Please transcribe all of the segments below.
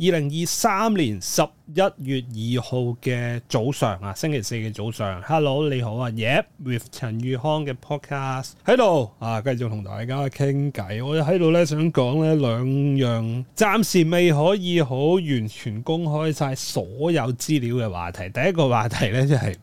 二零二三年十。一月二號嘅早上啊，星期四嘅早上，Hello，你好啊，Yep with 陳宇康嘅 podcast 喺度啊，繼續同大家傾偈。我喺度咧想講咧兩樣暫時未可以好完全公開曬所有資料嘅話題。第一個話題咧就係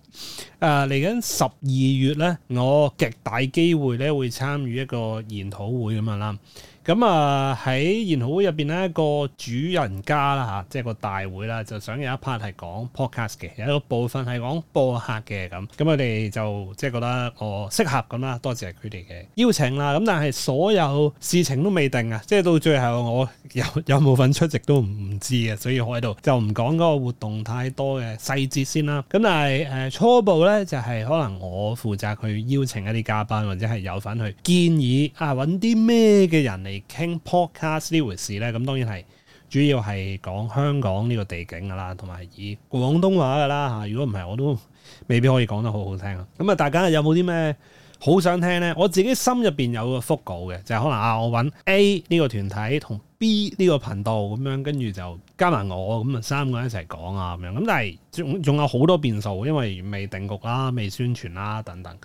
誒嚟緊十二月咧，我極大機會咧會參與一個研討會咁樣啦。咁啊喺研討會入邊咧個主人家啦吓、啊，即係個大會啦，就想。有一 part 係講 podcast 嘅，有一個部分係講播客嘅咁，咁我哋就即係覺得我適合咁啦，多謝佢哋嘅邀請啦。咁但係所有事情都未定啊，即係到最後我有有冇份出席都唔知啊，所以我喺度就唔講嗰個活動太多嘅細節先啦。咁但係誒、呃、初步咧就係、是、可能我負責去邀請一啲嘉賓，或者係有份去建議啊揾啲咩嘅人嚟傾 podcast 呢回事咧。咁當然係。主要係講香港呢個地景噶啦，同埋以廣東話噶啦嚇。如果唔係，我都未必可以講得好好聽啊。咁啊，大家有冇啲咩好想聽呢？我自己心入邊有個腹稿嘅，就係、可能啊，我揾 A 呢個團體同 B 呢個頻道咁樣，跟住就加埋我咁啊，三個人一齊講啊咁樣。咁但係仲仲有好多變數，因為未定局啦，未宣傳啦等等。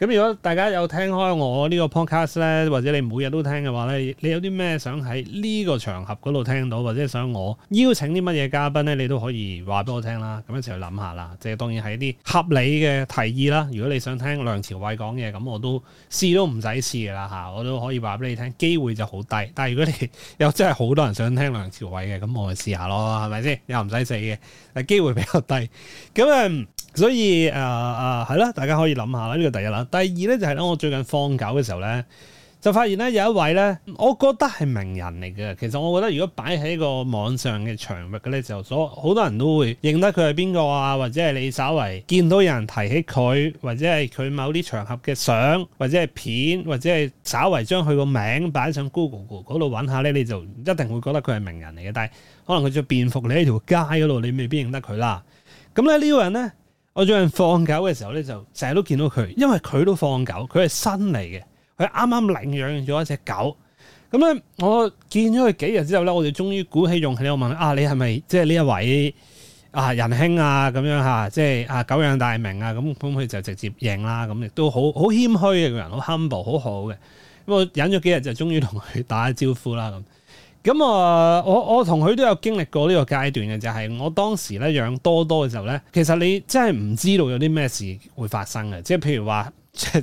咁如果大家有聽開我呢個 podcast 咧，或者你每日都聽嘅話咧，你有啲咩想喺呢個場合嗰度聽到，或者想我邀請啲乜嘢嘉賓咧，你都可以話俾我聽啦。咁一齊去諗下啦。即係當然係一啲合理嘅提議啦。如果你想聽梁朝偉講嘢，咁我都試都唔使試噶啦吓，我都可以話俾你聽。機會就好低。但係如果你有真係好多人想聽梁朝偉嘅，咁我咪試下咯，係咪先？又唔使死嘅，但係機會比較低。咁啊，所以誒誒係啦，大家可以諗下啦。呢個第一諗。第二咧就係咧，我最近放狗嘅時候咧，就發現咧有一位咧，我覺得係名人嚟嘅。其實我覺得如果擺喺個網上嘅場合嘅咧，就所好多人都會認得佢係邊個啊，或者係你稍為見到有人提起佢，或者係佢某啲場合嘅相，或者係片，或者係稍為將佢個名擺上 Google 嗰度揾下咧，你就一定會覺得佢係名人嚟嘅。但係可能佢著便服你條，你喺條街嗰度你未必認得佢啦。咁咧呢、呢個人咧。我最近放狗嘅時候咧，就成日都見到佢，因為佢都放狗，佢係新嚟嘅，佢啱啱領養咗一隻狗。咁咧，我見咗佢幾日之後咧，我就終於鼓起勇氣我問啊，你係咪即係呢一位啊仁兄啊咁樣吓？即係啊久仰大名啊咁咁，佢、嗯、就直接認啦，咁、嗯、亦都好好謙虛嘅個人，hum ble, 好 humble，好好嘅。咁、嗯、我忍咗幾日就終於同佢打招呼啦咁。嗯咁啊、嗯，我我同佢都有經歷過呢個階段嘅，就係、是、我當時咧養多多嘅時候咧，其實你真係唔知道有啲咩事會發生嘅，即係譬如話即係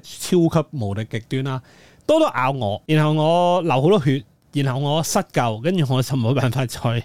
超級無敵極端啦，多多咬我，然後我流好多血，然後我失救，跟住我就冇辦法再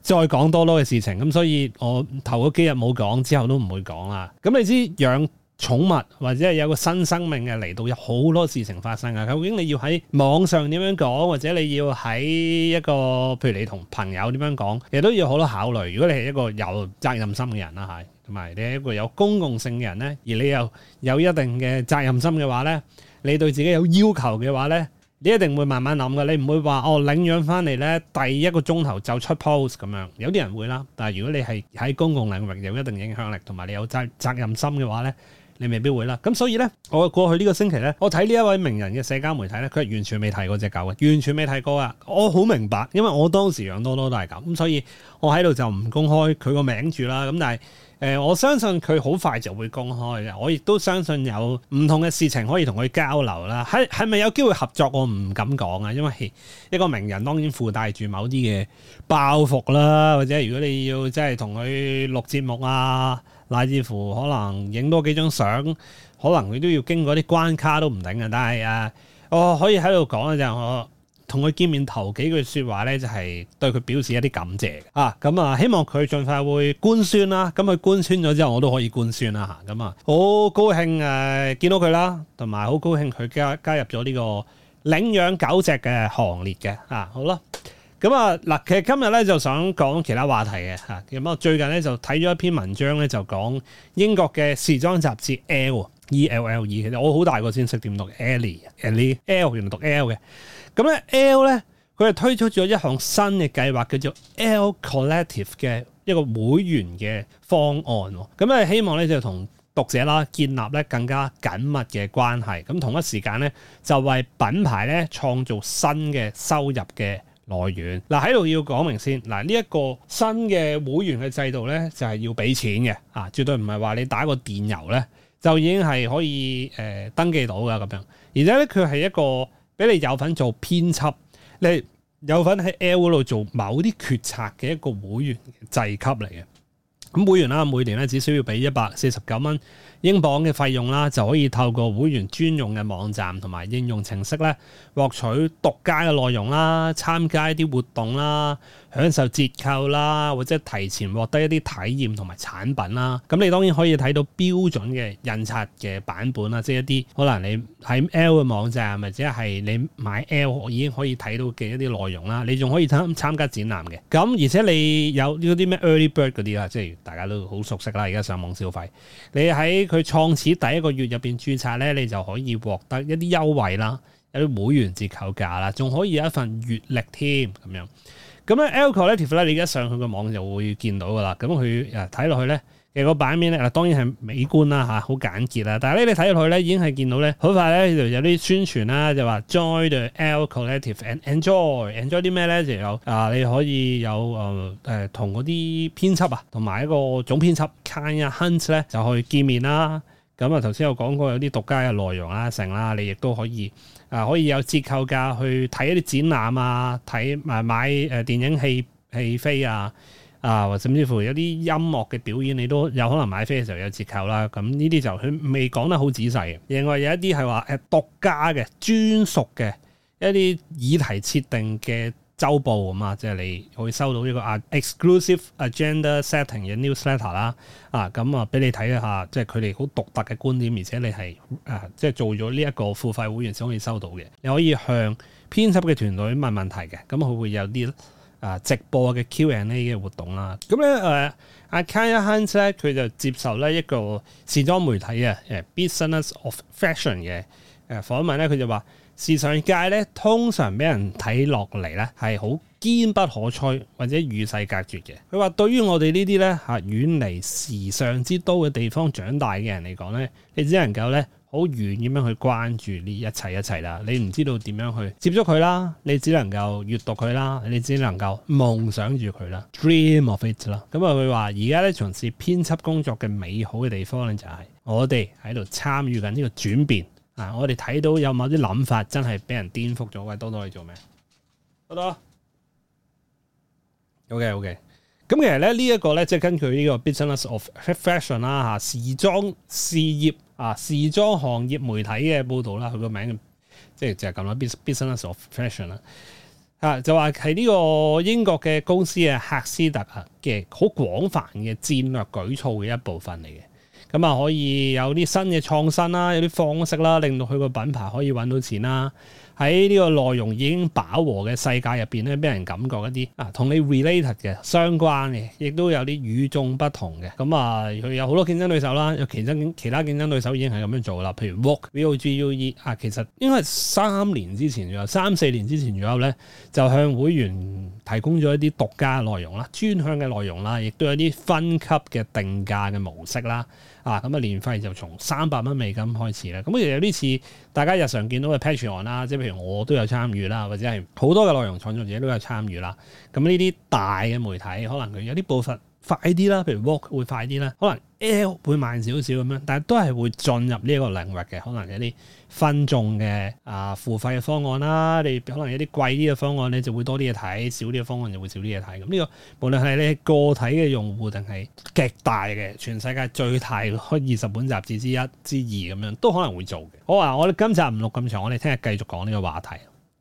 再講多多嘅事情，咁所以，我頭嗰幾日冇講，之後都唔會講啦。咁你知養寵物或者係有個新生命嘅嚟到，有好多事情發生嘅。究竟你要喺網上點樣講，或者你要喺一個譬如你同朋友點樣講，亦都要好多考慮。如果你係一個有責任心嘅人啦，係，同埋你係一個有公共性嘅人咧，而你又有一定嘅責任心嘅話咧，你對自己有要求嘅話咧，你一定會慢慢諗嘅。你唔會話哦，領養翻嚟咧，第一個鐘頭就出 post 咁樣。有啲人會啦，但係如果你係喺公共領域有一定影響力，同埋你有責責任心嘅話咧。你未必會啦，咁所以呢，我過去呢個星期呢，我睇呢一位名人嘅社交媒體呢，佢係完全未提過隻狗嘅，完全未提過啊！我好明白，因為我都自當時養多多都係咁，咁所以我喺度就唔公開佢個名住啦。咁但係誒、呃，我相信佢好快就會公開嘅。我亦都相信有唔同嘅事情可以同佢交流啦。係，係咪有機會合作？我唔敢講啊，因為一個名人當然附帶住某啲嘅包袱啦，或者如果你要即係同佢錄節目啊。乃至乎可能影多幾張相，可能佢都要經過啲關卡都唔定嘅。但係誒、啊，我可以喺度講嘅就係、是、我同佢見面頭幾句説話咧，就係、是、對佢表示一啲感謝啊。咁啊，希望佢盡快會官宣啦。咁佢官宣咗之後，我都可以官宣啦嚇咁啊，好高興誒見到佢啦，同埋好高興佢加加入咗呢個領養狗隻嘅行列嘅啊。好啦。咁啊，嗱，其實今日咧就想講其他話題嘅嚇。咁我最近咧就睇咗一篇文章咧，就講英國嘅時裝雜誌 ELLE。其實我好大個先識點讀 Elle，Elle 原來讀 Elle 嘅。咁、嗯、咧 Elle 咧佢係推出咗一項新嘅計劃，叫做 Elle Collective 嘅一個會員嘅方案。咁、嗯、咧希望咧就同讀者啦建立咧更加緊密嘅關係。咁、嗯、同一時間咧就為品牌咧創造新嘅收入嘅。來源。嗱，喺度要講明先。嗱，呢一個新嘅會員嘅制度咧就係、是、要俾錢嘅啊，絕對唔係話你打個電郵咧就已經係可以誒、呃、登記到㗎，咁樣，而且咧佢係一個俾你有份做編輯，你有份喺 L 嗰度做某啲決策嘅一個會員制級嚟嘅。咁會員啦，每年咧只需要俾一百四十九蚊英鎊嘅費用啦，就可以透過會員專用嘅網站同埋應用程式咧，獲取獨家嘅內容啦，參加一啲活動啦。享受折扣啦，或者提前獲得一啲體驗同埋產品啦。咁你當然可以睇到標準嘅印刷嘅版本啦，即係一啲可能你喺 L 嘅網站，或者係你買 L 已經可以睇到嘅一啲內容啦。你仲可以參參加展覽嘅。咁而且你有嗰啲咩 early bird 嗰啲啦，即係大家都好熟悉啦。而家上網消費，你喺佢創始第一個月入邊註冊咧，你就可以獲得一啲優惠啦，有啲會員折扣價啦，仲可以有一份月曆添咁樣。咁咧，Alcollective 咧，ective，你而家上佢個網就會見到噶啦。咁佢誒睇落去咧，其實個版面咧，當然係美觀啦嚇，好簡潔啦。但係咧，你睇落去咧，已經係見到咧，好快咧就有啲宣傳啦，就話 join the Alcollective and enjoy，enjoy 啲咩咧就有啊，你可以有誒同嗰啲編輯啊，同埋一個總編輯 Kanye Hunts 咧就去見面啦。咁啊，頭先有講過有啲獨家嘅內容啦、成啦，你亦都可以啊，可以有折扣價去睇一啲展覽啊，睇埋買誒電影戲戲飛啊，啊，甚至乎有啲音樂嘅表演，你都有可能買飛嘅時候有折扣啦。咁呢啲就佢未講得好仔細。另外有一啲係話誒獨家嘅、專屬嘅一啲議題設定嘅。週報啊嘛，即係你可以收到呢個啊 exclusive agenda setting 嘅 newsletter 啦、啊，啊咁啊俾你睇一下，即係佢哋好獨特嘅觀點，而且你係啊即係做咗呢一個付費會，會員先可以收到嘅。你可以向編輯嘅團隊問問題嘅，咁、嗯、佢會有啲啊直播嘅 Q&A 嘅活動啦。咁咧誒，阿 Can Yance 咧佢就接受咧一個時裝媒體啊誒 Business of Fashion 嘅誒、啊、訪問咧，佢就話。時尚界咧，通常俾人睇落嚟咧，係好堅不可摧或者與世隔絕嘅。佢話：對於我哋呢啲咧嚇遠離時尚之都嘅地方長大嘅人嚟講咧，你只能夠咧好遠咁樣去關注呢一切一切啦。你唔知道點樣去接觸佢啦，你只能夠閱讀佢啦，你只能夠夢想住佢啦，Dream of it 啦。咁啊，佢話：而家咧從事編輯工作嘅美好嘅地方咧，就係我哋喺度參與緊呢個轉變。嗱、啊，我哋睇到有冇啲諗法真係俾人顛覆咗？喂，多多你做咩？多多，OK，OK。咁其實咧呢一、這個咧，即係根據呢個 Business of Fashion 啦、啊、嚇，時裝事業啊時裝行業媒體嘅報導啦，佢個名即係就係咁啦，Business of Fashion 啦、啊、嚇，就話係呢個英國嘅公司嘅赫斯特啊嘅好廣泛嘅戰略舉措嘅一部分嚟嘅。咁啊，可以有啲新嘅創新啦，有啲方式啦，令到佢個品牌可以揾到錢啦。喺呢個內容已經飽和嘅世界入邊咧，俾人感覺一啲啊，同你 related 嘅相關嘅，亦都有啲與眾不同嘅。咁啊，佢有好多競爭對手啦，有其他其他競爭對手已經係咁樣做啦。譬如 Walk Vogue 啊，其實應該係三年之前左右，有三四年之前左右呢，就向會員提供咗一啲獨家內容啦、專享嘅內容啦，亦都有啲分級嘅定價嘅模式啦。啊，咁啊年費就從三百蚊美金開始咧。咁有啲似大家日常見到嘅 Patreon 啦，即係譬如我都有參與啦，或者係好多嘅內容創作者都有參與啦。咁呢啲大嘅媒體，可能佢有啲部分。快啲啦，譬如 walk 會快啲啦，可能 L 會慢少少咁樣，但係都係會進入呢一個領域嘅，可能有啲分眾嘅啊付費嘅方案啦，你可能有啲貴啲嘅方案，方案你就會多啲嘢睇，少啲嘅方案就會少啲嘢睇。咁、這、呢個無論係你個體嘅用戶定係極大嘅全世界最大嘅二十本雜誌之一之二咁樣，都可能會做嘅。好啊，我哋今集唔錄咁長，我哋聽日繼續講呢個話題。